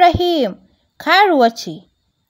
rahim Karuwa ce.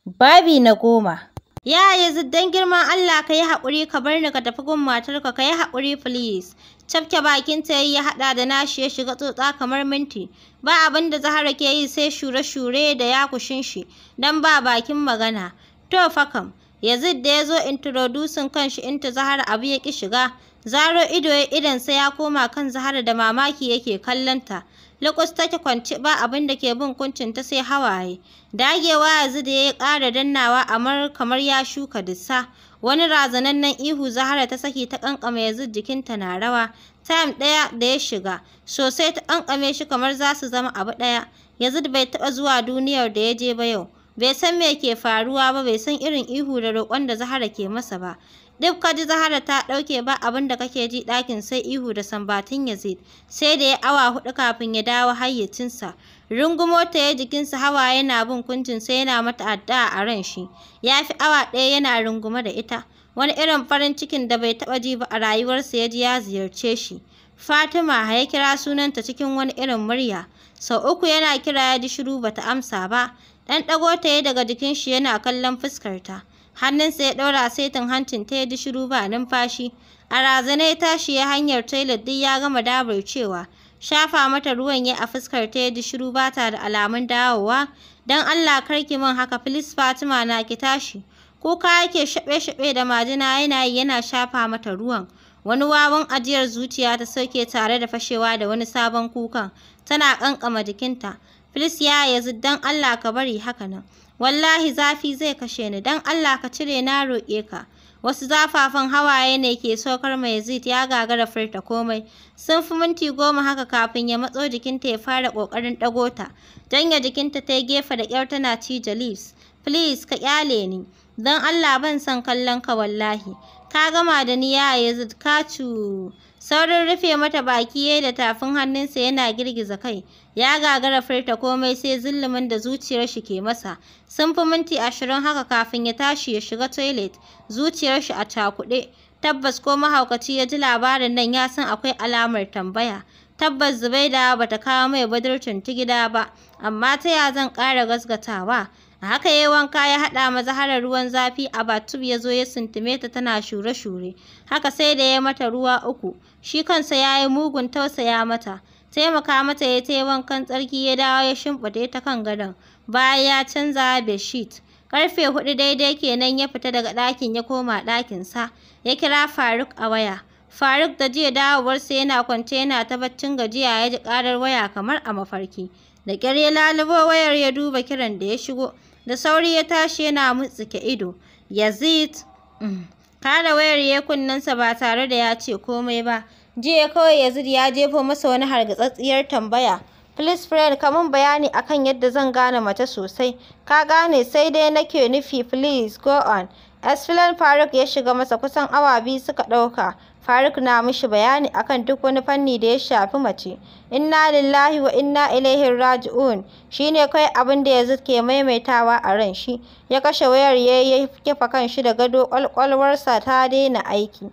Babi na goma. Ya Yazid dan girman Allah ka yi haƙuri ka bar ni ka tafi gun matarka ka yi haƙuri please. Cafke bakin ta ya haɗa da nashi ya shiga tsotsa kamar minti. Ba abin da Zahara ke yi sai shure-shure da ya kushin shi dan ba bakin magana. To fa kam, Yazid da ya zo introducing kanshi inta Zahara abu ya ki shiga. Zaro ido ya idan sai ya koma kan Zahara da mamaki yake kallon ta. ta take kwance ba abin da ke bin kuncin ta sai hawaye. Dagewa yanzu da ya ƙara dannawa amar kamar ya shuka dissa. Wani razanannen ihu Zahara ta saki ta kankame yanzu jikinta na rawa. Time ɗaya da ya shiga, sosai ta kankame shi kamar za su zama abu ɗaya. yanzu bai taɓa zuwa duniyar da ya je ba yau. Bai san me ke faruwa ba, bai san irin ihu da roƙon da Zahara ke masa ba. Duk ka ji Zahara ta ɗauke ba abin da kake ji ɗakin sai ihu da sambatin Yazid, sai da ya awa huɗu kafin ya dawo hayyacinsa. Rungumo ta ya jikinsa hawa yana bin kuncin sai yana mata addu'a a ran shi. Ya fi awa ɗaya yana rungume da ita. Wani irin farin cikin da bai taɓa ji ba a rayuwarsa ya ji ya ziyarce shi. Fatima ya kira sunanta cikin wani irin murya. Sau uku yana kira ya ji shiru bata amsa ba. Ɗan ɗago ta yi daga jikin shi yana kallon fuskarta. Hannun hannunsa ya ɗaura saitin hancin ta yadda shiru ba numfashi a razana ya tashi ya hanyar toilet duk ya gama dabar cewa shafa mata ruwan ya a fuskar ta yadda shiru ba ta da alamun dawowa don allah karki min haka filis fatima na ki tashi kuka yake shaɓe-shaɓe da majina yana yi yana shafa mata ruwan wani wawan ajiyar zuciya ta sauke tare da fashewa da wani sabon kukan tana ƙanƙama jikinta filis ya yanzu don allah ka bari haka nan wallahi zafi zai kashe ni don Allah ka cire na roƙe ka wasu zafafan hawaye ne ke saukar mai Yazid ya gagara furta komai sun fi minti goma haka kafin ya matso jikinta ya fara ƙoƙarin ɗago ta janya jikinta ta yi gefe da ƙyar tana cije leaves please ka ƙyale ni don Allah ban son kallon ka wallahi ka gama da ni ya Yazid ka cu Saurin rufe mata baki yayi da tafin hannunsa yana girgiza kai. Ya gagara furta komai sai zillumin da zuciyar shi ke masa. Sun fi minti ashirin haka kafin ya tashi ya shiga toilet. Zuciyar shi a cakuɗe. Tabbas ko mahaukaci ya ji labarin nan ya san akwai alamar tambaya. Tabbas Zubaida bata kawo mai budurcin ta gida ba, amma ta ya zan ƙara gasgatawa? A haka ya yi wanka ya haɗa maza harar ruwan zafi a batub ya zo ya suntume ta tana shure-shure. Haka sai da ya mata ruwa uku. Shi kansa ya yi mugun tausaya mata. Taimaka mata ya yi wankan tsarki ya dawo ya shimfiɗe ta kan gadon. Bayan ya canza beshit. Karfe hudu daidai kenan ya fita daga ɗakin ya koma ɗakinsa. Ya kira Faruk a waya. Faruk da jiya dawowarsa yana kwance yana ta baccin gajiya ya ji karar waya kamar a mafarki. Da ƙyar ya lalubo wayar ya duba kiran da ya shigo. Da sauri ya tashi yana mutsike ido. Yazid mm. kada wayar ya kunnensa ba tare da ya ce komai ba. Jiya kawai Yazid ya jefo masa wani hargitsatsiyar tambaya. Please friend, ka mun bayani akan yadda zan gane mace sosai. Ka gane sai dai nake nufi please go on. Asfilan Faruk ya shiga masa kusan awa biyu suka ɗauka. Faruk na mishi bayani akan duk wani fanni da ya shafi mace. Inna lillahi wa inna ilaihi raji'un shine kai abin da yanzu ke maimaitawa a ran shi. Ya kashe wayar yayi ya kifa shi da gado kwalkwalwarsa ta daina aiki.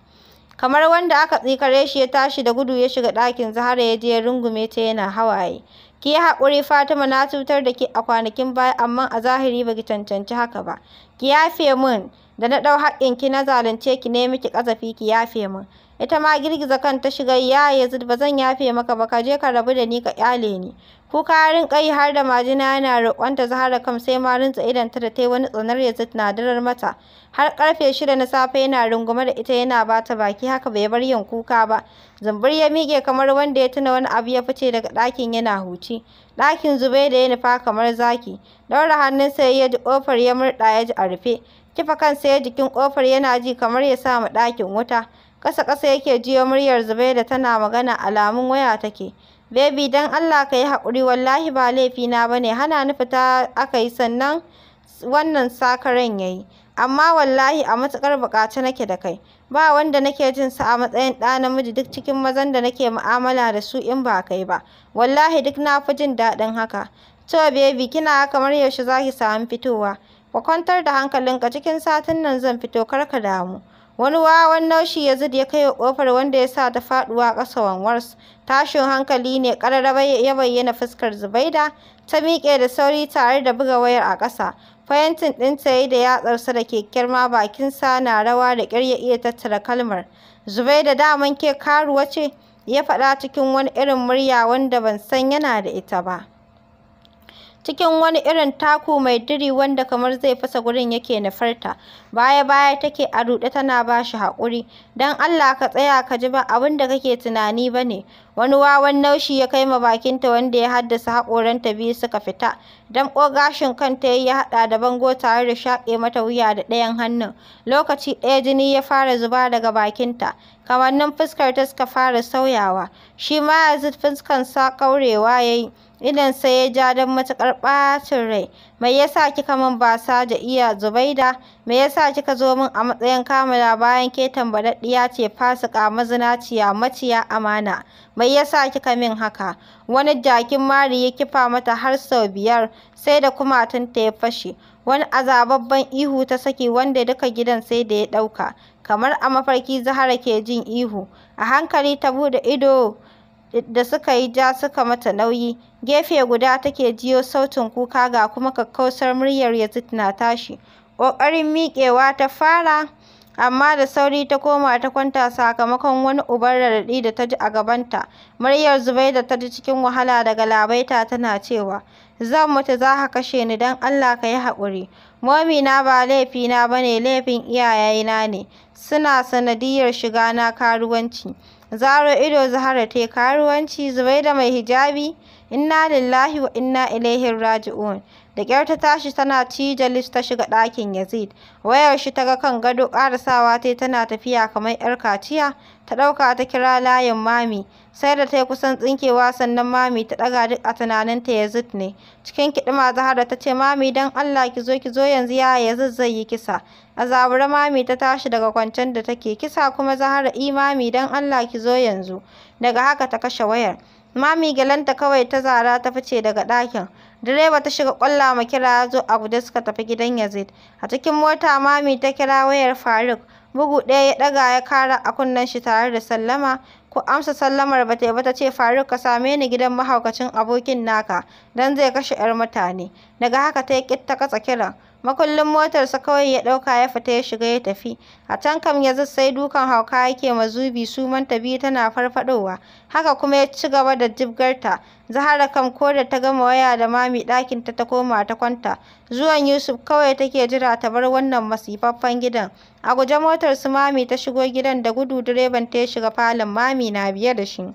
Kamar wanda aka tsikare shi ya tashi da gudu ya shiga ɗakin Zahara ya je ya rungume ta yana hawaye. Ki haƙuri Fatima na cutar da ki a kwanakin baya amma a zahiri ba ki cancanci haka ba. Ki yafe min da na ɗau ki na zalunce ki ne miki ƙazafi ki yafe min. ita ma girgiza kanta shiga ya yazid ba zan yafe maka ba ka je ka rabu da ni ka kyale ni kuka ya rinka yi har da majina yana roƙonta zahara kam sai ma rintsa ta da ta da wani tsanar yazid na darar mata har karfe shida na safe yana rungume da ita yana bata baki haka bai bar yin kuka ba zumbur ya mike kamar wanda ya tuna wani abu ya fice daga ɗakin yana huci ɗakin zubai da ya nufa kamar zaki ɗaura hannunsa ya ji ƙofar ya murɗa ya ji a rufe kifa kansa ya jikin kofar yana ji kamar ya sa ma ɗakin wuta ƙasa-ƙasa yake jiyo muryar Zubaida tana magana alamun waya take. Baby dan Allah ka yi haƙuri wallahi ba laifina ba ne hana ni fita aka yi sannan wannan sakaren ya yi. Amma wallahi a matuƙar buƙaci nake da kai. Ba wanda nake jin sa a matsayin ɗa namiji duk cikin mazan da nake mu'amala da su in ba kai ba. Wallahi duk na fi jin daɗin haka. To baby kina kamar yaushe zaki samu fitowa. Ka kwantar da hankalinka cikin satin nan zan fito kar ka damu. Wani wawan naushi ya Yazid ya kai wa ƙofar wanda ya sa ta faɗuwa ƙasa wanwars. Tashin hankali ne ƙararraba ya bayyana fuskar Zubaida ta miƙe da sauri tare da buga wayar a ƙasa. Fayantin ɗinta ya yi da yatsarsa da ke ma bakinsa na rawa da ƙyar ya iya tattara kalmar. Zubaida daman ke karuwa ce ya faɗa cikin wani irin murya wanda ban san yana da ita ba. cikin wani irin taku mai diri wanda kamar zai fasa gurin yake nufarta. Baya-baya take a ruɗe tana ba shi haƙuri, don Allah ka tsaya ka ji ba abin da kake tunani ba ne. Wani wawan naushi ya kai ma bakinta wanda ya haddasa haƙoranta biyu suka fita. Damƙo gashin kanta ya yi haɗa da bango tare da shaƙe mata wuya da ɗayan hannun. Lokaci ɗaya jini ya fara zuba daga bakinta. kamannin fuskar ta suka fara sauyawa shi ma Yazid fuskarsa ƙaurewa ya yi sai ya ja don matuƙar ɓacin rai mai yasa kika min basa da iya Zubaida me yasa kika zo min a matsayin kamala bayan ke tambaɗaɗɗiya ce fasika mazinaciya maciya amana mai yasa kika min haka wani jakin mari ya kifa mata har sau biyar sai da ta ya fashe wani azababban ihu ta saki wanda duka gidan sai da ya ɗauka kamar a mafarki zahara ke jin ihu a hankali ta buɗe ido da suka yi ja suka mata nauyi gefe guda take jiyo sautin kuka ga kuma kakkausar muryar yazid na tashi ƙoƙarin miƙewa ta fara amma da sauri ta koma ta kwanta sakamakon wani uban raɗaɗi da ta ji a gabanta. Muryar da ta ji cikin wahala daga labaita tana cewa, Zan mutu za ka kashe ni don Allah ka yi haƙuri. Momina ba laifina ba ne, laifin iyayena ne. Suna sanadiyar shiga na karuwanci. Zaro ido Zahara ta karuwanci da mai hijabi. Inna lillahi wa inna ilaihin raji'un. Da kyar ta tashi tana cije lips ta shiga ɗakin Yazid. Wayar shi ta ga kan gado ƙarasawa ta tana tafiya kamar 'yar kaciya. Ta ɗauka ta kira layin mami. Sai da ta yi kusan tsinkewa sannan mami ta ɗaga duk a tunanin ta Yazid ne. Cikin kiɗima zahara ta ce mami don Allah ki zo ki zo yanzu yaya Yazid zai yi kisa. A zabura mami ta tashi daga kwancen da take kisa kuma zahara i mami don Allah ki zo yanzu. Daga haka ta kashe wayar. Mami galanta kawai ta zara ta fice daga ɗakin. Direba ta shiga kwalla ma kira zo a da suka tafi gidan Yazid. A cikin mota mami ta kira wayar Faruk. Bugu ɗaya ya ɗaga ya kara a kunnen shi tare da sallama. Ko amsa sallamar ba ta yi ba ta ce Faruk ka same ni gidan mahaukacin abokin naka don zai kashe 'yar mutane. Daga haka ta yi ta katsa kiran. makullin motarsa kawai ya ɗauka ya fita ya shiga ya tafi a can kam yanzu sai dukan hauka yake mazubi suman ta biyu tana farfadowa haka kuma ya ci gaba da jibgarta zahara kam ko da ta gama waya da mami ɗakin ta ta koma ta kwanta zuwan yusuf kawai take jira ta bar wannan masifaffen gidan a guje motar su mami ta shigo gidan da gudu direban ta ya shiga falon mami na biye da shi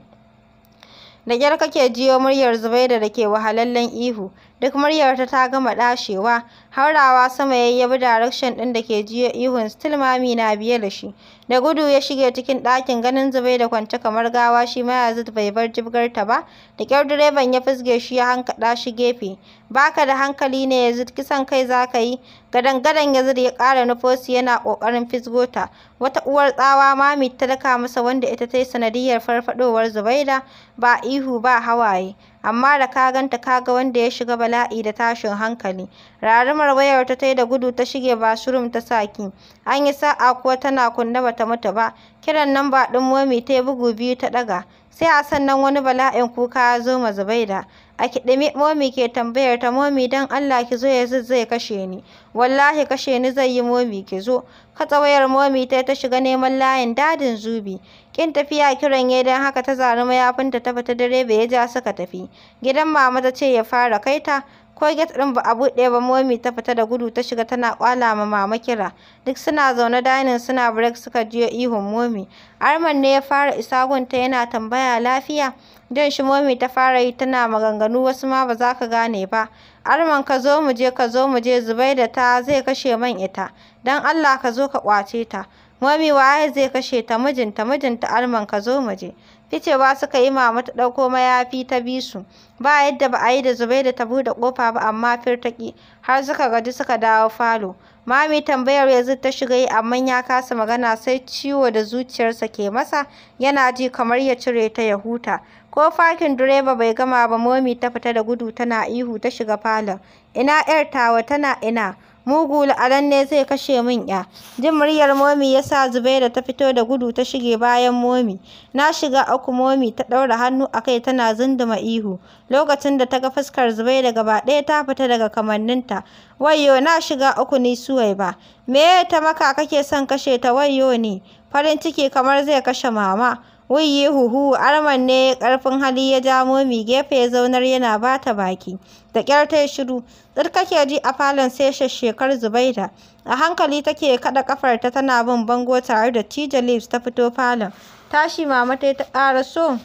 da kyar kake jiyo muryar zubaida da ke wahalallen ihu Duk muryarta ta gama ɗashewa. Haurawa sama ya yi ya bi direction ɗin da ke jiyo ihun still mami na biye da shi. Da gudu ya shige cikin ɗakin ganin zubai da kwance kamar gawa shi ma Yazid bai bar jibgar ta ba. Da kyar direban ya fizge shi ya hankaɗa shi gefe. Baka da hankali ne Yazid kisan kai za ka yi. Gadan-gadan ya ya ƙara nufosi yana ƙoƙarin ta Wata uwar tsawa mami ta daka masa wanda ita ta yi sanadiyar farfaɗowar Zubaida ba ihu ba hawaye. amma da ka ganta ka ga wanda ya shiga bala'i da tashin hankali rarumar wayar ta tai da gudu ta shige basurum ta saki an yi sa'a kuwa tana kunna bata mutu ba kiran nan ba ɗin momi ta yi bugu biyu ta ɗaga sai a sannan wani bala'in kuka ya zo ma zubaida a kiɗimi momi ke tambayar ta momi don allah ki zo yanzu zai kashe ni wallahi kashe ni zai yi momi ki zo wayar momi ta ta shiga neman layin dadin zubi Kin tafiya kiran ya don haka ta ya mayafinta ta fita direba ya ja suka tafi. Gidan mama ta ce ya fara kai ta. Ko get ɗin ba a buɗe ba momi ta fita da gudu ta shiga tana kwala ma mama kira. Duk suna zaune dining suna break suka jiyo ihun momi. Arman ne ya fara isa gunta yana tambaya lafiya. Jan shi momi ta fara yi tana maganganu wasu ma ba za ka gane ba. Arman ka zo mu je ka zo mu je Zubaida ta zai kashe man ita. Dan Allah ka zo ka kwace ta. Mami waye zai kashe ta mijinta mijinta alman ka zo mu je. Ficewa suka yi mama ta ɗauko mayafi ta bi su. Ba yadda ba a yi da Zubaida ta buɗe ƙofa ba amma firtaki har suka gaji suka dawo falo. Mami tambayar Yazid ta shiga yi amma ya kasa magana sai ciwo da zuciyarsa ke masa yana ji kamar ya cire ta ya huta. Ko fakin direba bai gama ba Momi ta fita da gudu tana ihu ta shiga falon. Ina 'yar tawa tana ina. mugu ne zai kashe min ya. Jin muryar Momi ya sa Zubaida ta fito da gudu ta shige bayan Momi. Na shiga uku Momi ta ɗaura hannu a kai tana zunduma ihu. Lokacin da ta ga fuskar Zubaida gaba ɗaya ta fita daga kamanninta. Wayyo na shiga uku ni suwai ba. Me ta maka kake son kashe ta wayyo ne? Farin ciki kamar zai kashe mama. wuyyi huhu arman ne ƙarfin hali ya ja momi gefe ya zaunar yana ba ta baki da ƙyar ta shiru tsarkake kake ji a falon sai shekar zubaida a hankali take kaɗa ƙafarta tana bin bango tare da cije ta fito falon tashi mama ta ƙara so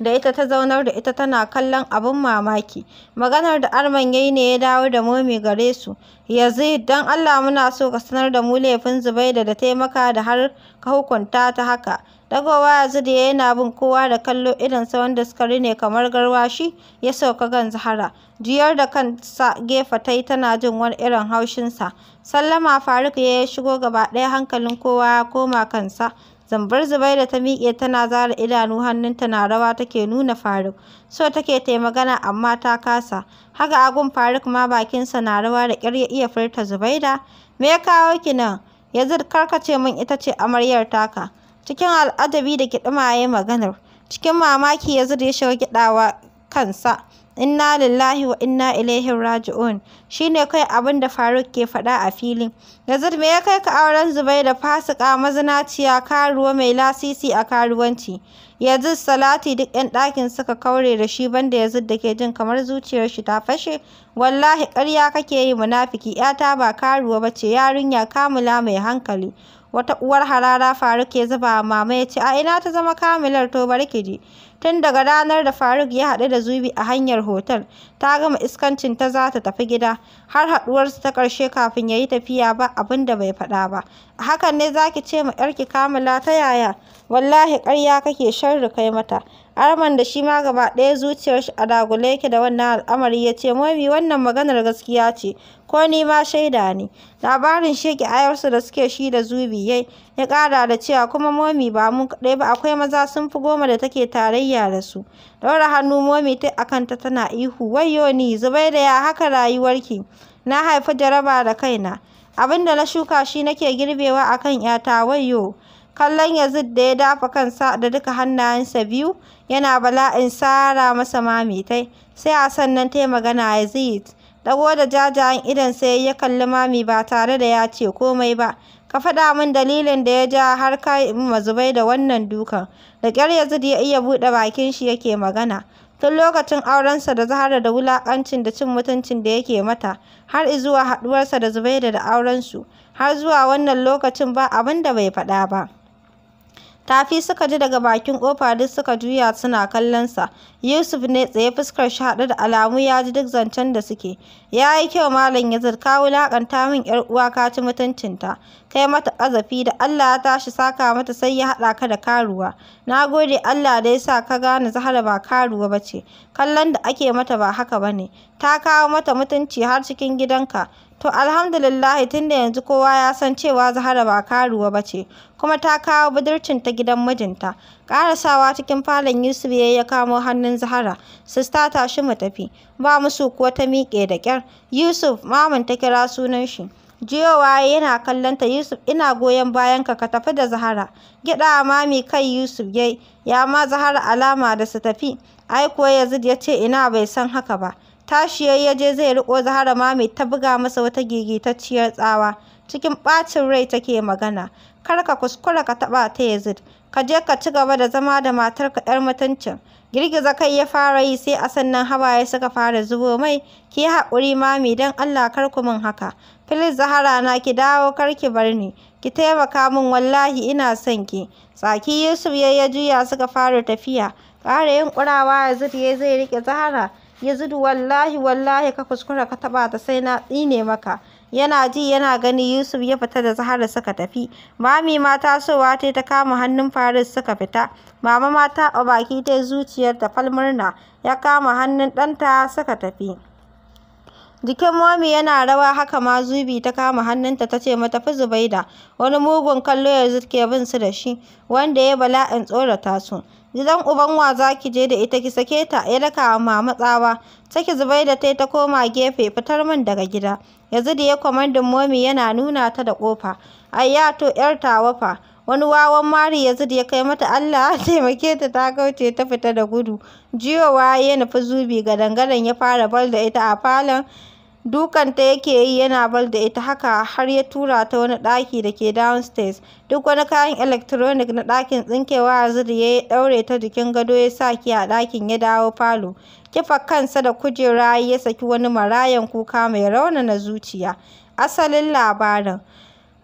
da ita ta zaunar da ita tana kallon abin mamaki. Maganar da Arman ya yi ne ya dawo da momi gare su. Yazid, don Allah muna so ka sanar da mu laifin Zubaida da taimaka da har ka hukunta ta haka. Dagowa Yazid ya yana bin kowa da kallo sa wanda suka rine kamar garwashi ya sauka gan Zahara. Jiyar da kansa gefe ta yi tana jin wani irin haushinsa. Sallama Faruk ya shigo gaba ɗaya hankalin kowa ya koma kansa. Zambar Zubaida ta miƙe tana zara idanu hannunta na rawa take nuna Faruk. So take ta magana amma ta kasa. Haka agun Faruk ma bakinsa na rawa da ƙyar ya iya furta Zubaida. Me ya kawo ki nan? Yazid karkace min ita ce amaryar taka. Cikin al'adabi da kiɗima ya maganar. Cikin mamaki Yazid ya shiga kiɗawa kansa. inna lillahi wa inna ilaihi raji'un shine kai abin da Faruk ke faɗa a fili yanzu me ya kai ka auren da fasika mazinaciya karuwa mai lasisi a karuwanci yanzu Salati duk yan ɗakin suka kaure da shi banda yanzu da ke jin kamar zuciyar shi ta fashe wallahi ƙarya kake yi munafiki yata ba karuwa bace yarinya kamula mai hankali wata uwar harara Faruk ya zuba wa mama ya ce a ina ta zama kamilar to bari ji tun daga ranar da Faruk ya haɗu da Zubi a hanyar hotel ta gama iskancin ta za ta tafi gida har haɗuwarsu ta ƙarshe kafin ya yi tafiya ba abin da bai faɗa ba a hakan ne za ki ce ma 'yarki kamila ta yaya wallahi ƙarya kake shan kai mata Arman da shi ma gaba ɗaya zuciyar shi a dagule yake da wannan al'amari ya ce momi wannan maganar gaskiya ce ko ni ma shaida ne. Labarin sheki ayarsu da suke shi da zubi yai ya ƙara da cewa kuma momi ba mu kaɗai ba akwai maza sun fi goma da take tarayya da su. Ɗaura hannu momi ta akan ta tana ihu wayyo ni Zubaida ya haka rayuwarki na haifi jaraba da kaina. abin da na shuka shi nake girbewa akan 'yata wayyo kallon Yazid da ya dafa kansa da duka hannayensa biyu yana bala'in sara masa mamitai sai a sannan ta yi magana Yazid ɗago da jajayen idan sai ya kalli mami ba tare da ya ce komai ba ka faɗa min dalilin da ya ja har ka mazubai da wannan dukan da ƙyar Yazid ya iya buɗe bakin shi yake magana tun lokacin aurensa da zahara da wulaƙancin da cin mutuncin da yake mata har zuwa haɗuwarsa da Zubaida da aurensu har zuwa wannan lokacin ba abin da bai faɗa ba Tafi suka ji daga bakin kofa duk suka juya suna kallonsa. Yusuf ne tsaye fuskar shi haɗu da alamu ya ji duk zancen da suke. Ya yi kyau Malam ya ka wulaƙanta min 'yar uwa ka ci mutuncinta. Kai mata kazafi da Allah ya tashi saka mata sai ya haɗa ka da karuwa. Na gode Allah da ya sa ka gane zahara ba karuwa ba ce. Kallon da ake mata ba haka ba ne. Ta kawo mata mutunci har cikin gidanka. To alhamdulillahi da yanzu kowa ya san cewa Zahra ba karuwa ba ce, kuma ta kawo ta gidan mijinta. Ƙarasawa cikin falon Yusuf ya ya kamo hannun Zahra, sista shi mu tafi, ba musu kuwa ta miƙe da ƙyar. Yusuf, mamun ta kira sunan shi. Jiyowa yana kallon ta Yusuf ina goyon bayan ka ka tafi da Zahara. Gida mami kai Yusuf yayi, ya ma Zahara alama da su tafi. Ai kuwa Yazid ya ce ina bai san haka ba. Tashi ya je zai riko Zahra Mami ta buga masa wata gigitacciyar tsawa. Cikin ɓacin rai take magana. Kar ka kuskura ka taɓa ta Yazid. Ka je ka ci gaba da zama da matarka 'yar mutuncin. Girgiza kai ya fara yi sai a sannan hawaye suka fara zubo mai. Ki yi haƙuri Mami dan Allah kar ku min haka. Filis Zahara na ki dawo kar ki bar ni. Ki taimaka min wallahi ina son ki. Tsaki Yusuf ya juya suka fara tafiya. Ƙara yin ƙurawa Yazid ya zai rike Zahara. Ya zudu, wallahi wallahi ka kuskura ka taba ta sai na tsine maka. yana ji yana gani Yusuf ya fita da Zahara suka tafi. Mami ma tasowa ta ta kama hannun Faris suka fita. Mama ma ta a baki ta zuciyar ta falmurna ya kama hannun ɗanta suka tafi. Jikin Mami yana rawa haka ma Zubi ta kama hannunta ta ce mata fi Zubaida wani mugun kallo yanzu ke bin su da shi wanda ya bala'in tsorata su. gidan uban wa za ki je da ita ki sake ta ya daka wa mama tsawa saki zubaida tai ta koma gefe fitar min daga gida yanzu da ya kwamandin momi yana nuna ta da kofa ayya to yar tawa fa wani wawan mari yanzu da ya kai mata Allah taimake ta ta kauce ta fita da gudu jiyowa ya nufi zubi ga dangaren ya fara bal da ita a falon dukanta yake yi yana bal da ita haka har ya tura ta wani ɗaki da ke downstairs duk wani kayan electronic na ɗakin tsinkewa a zuri ya ɗaure ta jikin gado ya sa ki a ɗakin ya dawo falo kifa kansa da kujera ya saki wani marayan kuka mai raunana zuciya asalin labarin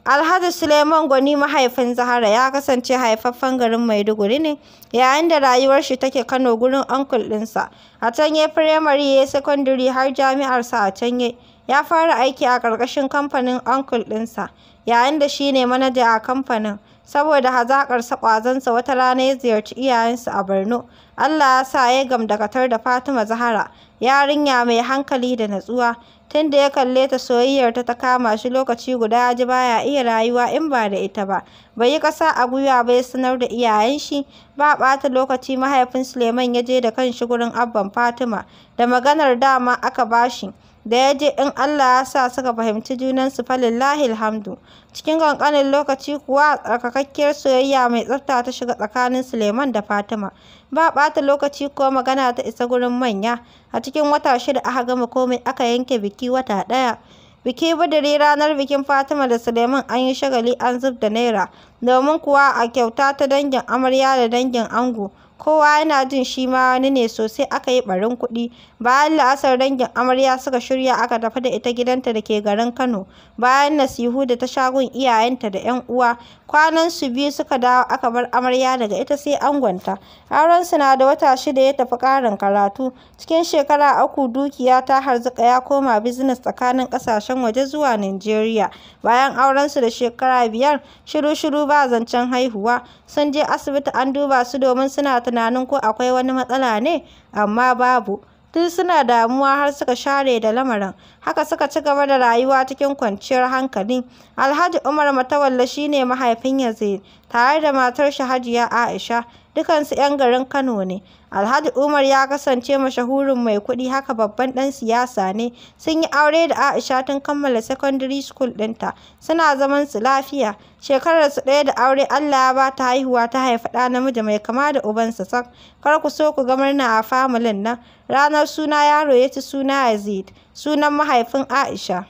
Alhaji Suleiman Gwani mahaifin Zahara ya kasance haifaffen garin Maiduguri ne, yayin da rayuwar shi take Kano gurin uncle ɗinsa. A can ya firamare ya secondary har sa a can ya. Ya fara aiki a ƙarƙashin kamfanin uncle ɗinsa, yayin da shi ne manaja a kamfanin. Saboda hazaƙarsa sa wata rana ya ziyarci iyayensa a Borno. Allah ya sa ya gamdakatar da Fatima Zahara. yarinya mai hankali da natsuwa. Tunda ya kalle ta soyayyarta ta kama shi lokaci guda ya ji ba iya rayuwa in ba da ita ba. Bai yi ƙasa a gwiwa bai sanar da iyayen shi. Ba ɓata lokaci mahaifin Suleiman ya je da kanshi gurin abban Fatima da maganar dama aka ba shi. da ya je in Allah ya sa suka fahimci junansu falillahi alhamdu cikin ƙanƙanin lokaci kuwa tsarkakakkiyar soyayya mai tsafta ta shiga tsakanin Suleiman da Fatima ba ɓata lokaci ko magana ta isa gurin manya a cikin wata shida aka gama komai aka yanke biki wata ɗaya Biki budiri ranar bikin Fatima da Suleiman an yi shagali an zub da naira domin kuwa a kyauta ta dangin amarya da dangin ango kowa yana jin shi ma wani ne sosai aka yi ɓarin kuɗi. Bayan la'asar dangin amarya suka shirya aka tafi da ita gidanta da ke garin Kano. Bayan nasihu da ta shagon iyayenta da 'yan uwa, kwanan su biyu suka dawo aka bar amarya daga ita sai angonta. Aurensu na da wata shida ya tafi ƙarin karatu. Cikin shekara uku dukiya ta harzuka ya koma bizines tsakanin ƙasashen waje zuwa nigeria Bayan aurensu da shekara biyar, shiru-shiru ba zancen haihuwa. Sun je asibiti an duba su domin suna tunanin ko akwai wani matsala ne, amma babu. Tun suna damuwa har suka share da lamarin, haka suka ci gaba da rayuwa cikin kwanciyar hankali. Alhaji Umar matawalla shi ne mahaifin Yazid, tare da matar shi Hajiya Aisha. dukansu 'yan garin Kano ne. Alhaji Umar ya kasance mashahurin mai kuɗi haka babban ɗan siyasa ne. Sun yi aure da Aisha tun kammala secondary school ɗinta. Suna zaman su lafiya. Shekarar su ɗaya da aure Allah ya ba ta haihuwa ta haifi ɗa namiji mai kama da ubansa sak. Kar ku so ku ga murna a familin nan. Ranar suna yaro ya ci suna Yazid, sunan mahaifin Aisha.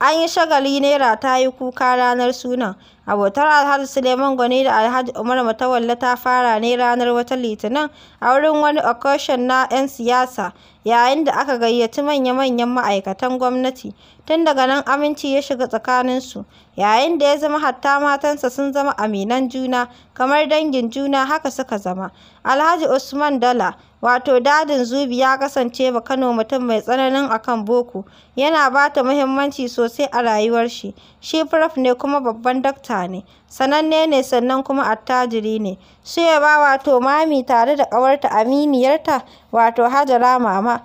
An yi shagali naira ta yi kuka ranar sunan. Abotar Alhaji Suleiman Gwani da Alhaji Umar matawalla ta fara ne ranar wata Litinin a wurin wani occasion na 'yan siyasa yayin da aka gayyaci manya-manyan ma'aikatan gwamnati. Tun daga nan aminci ya shiga tsakaninsu, yayin da ya zama hatta matansa sun zama aminan juna kamar dangin juna haka suka zama. Alhaji Usman Dala wato dadin Zubi ya kasance ba Kano mutum mai tsananin akan boko, yana ba ta muhimmanci sosai a rayuwar shi, shi prof ne kuma babban dakta mutane, sananne ne sannan kuma attajiri ne. ba wato Mami tare da ƙawarta aminiyarta wato Hajara Mama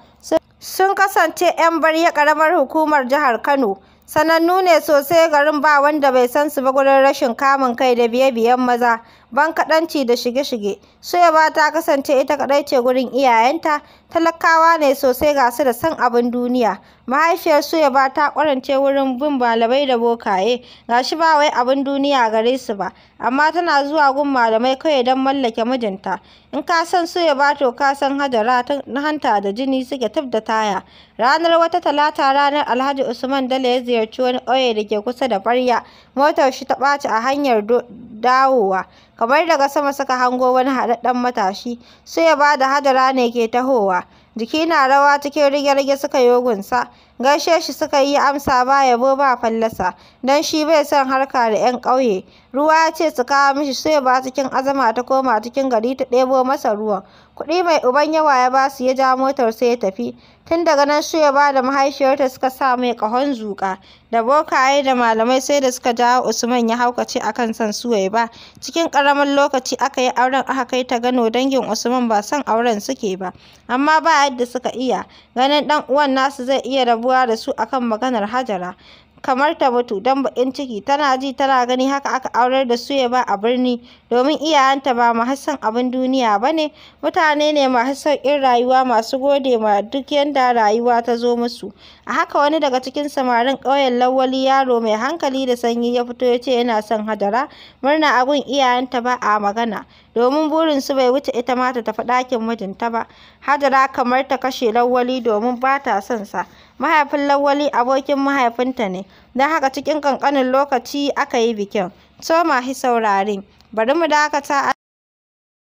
sun kasance 'yan Barya ƙaramar hukumar jihar Kano. sanannu ne sosai garin ba wanda bai san su ba gurin rashin kamun kai da biye-biyen maza ban kaɗanci da shige-shige Suya ta kasance ita kaɗai ce gurin iyayenta talakawa ne sosai ga su da san abin duniya mahaifiyar ba ta ƙwarance wurin bin malamai da bokaye ga shi ba wai abin duniya gare su ba amma tana zuwa gun malamai kawai don mallake mijinta in ka san Suya to ka san Hajara ta hanta da jini suke tab da taya Ranar wata talata ranar Alhaji Usman Dala ya ziyarci wani ƙauye da ke kusa da Farya. Motar shi ta ɓaci a hanyar dawowa. Kamar daga sama suka hango wani haɗaɗɗen matashi. Sai ya bada hadara ne ke tahowa. Jiki na rawa cikin rige-rige suka yogunsa. Gaishe shi suka yi amsa ba yabo ba fallasa. Don shi bai son harka da 'yan ƙauye. Ruwa ya ce su kawo mishi ya ba cikin azama ta koma cikin gari ta ɗebo masa ruwan. kuɗi mai uban yawa ya ba su ya ja motar sai ya tafi tun daga nan ba da mahaifiyarta suka sa mai ƙahon zuƙa da bokaye da malamai sai da suka jawo Usman ya haukace akan son ba cikin ƙaramin lokaci aka yi auren aka kai ta Gano dangin Usman ba son auren suke ba amma ba yadda suka iya ganin ɗan uwan nasu zai iya rabuwa da su akan maganar Hajara kamar ta mutu don baƙin ciki tana ji tana gani haka aka aurar da su ya ba a birni domin iyayenta ba hassan abin duniya ba ne mutane ne masu sauƙin rayuwa masu gode ma duk yadda rayuwa ta zo musu a haka wani daga cikin samarin ƙauyen lawali yaro mai hankali da sanyi ya fito ya ce yana son hadara murna abin iyayenta ba a magana domin burinsu bai wuce ita ma ta tafi ɗakin mijinta ba hadara kamar ta kashe lawali domin ba ta son sa mahaifin Lawali abokin mahaifinta ne, don haka cikin ƙanƙanin lokaci aka yi bikin. Toma hi saurari. bari mu dakata a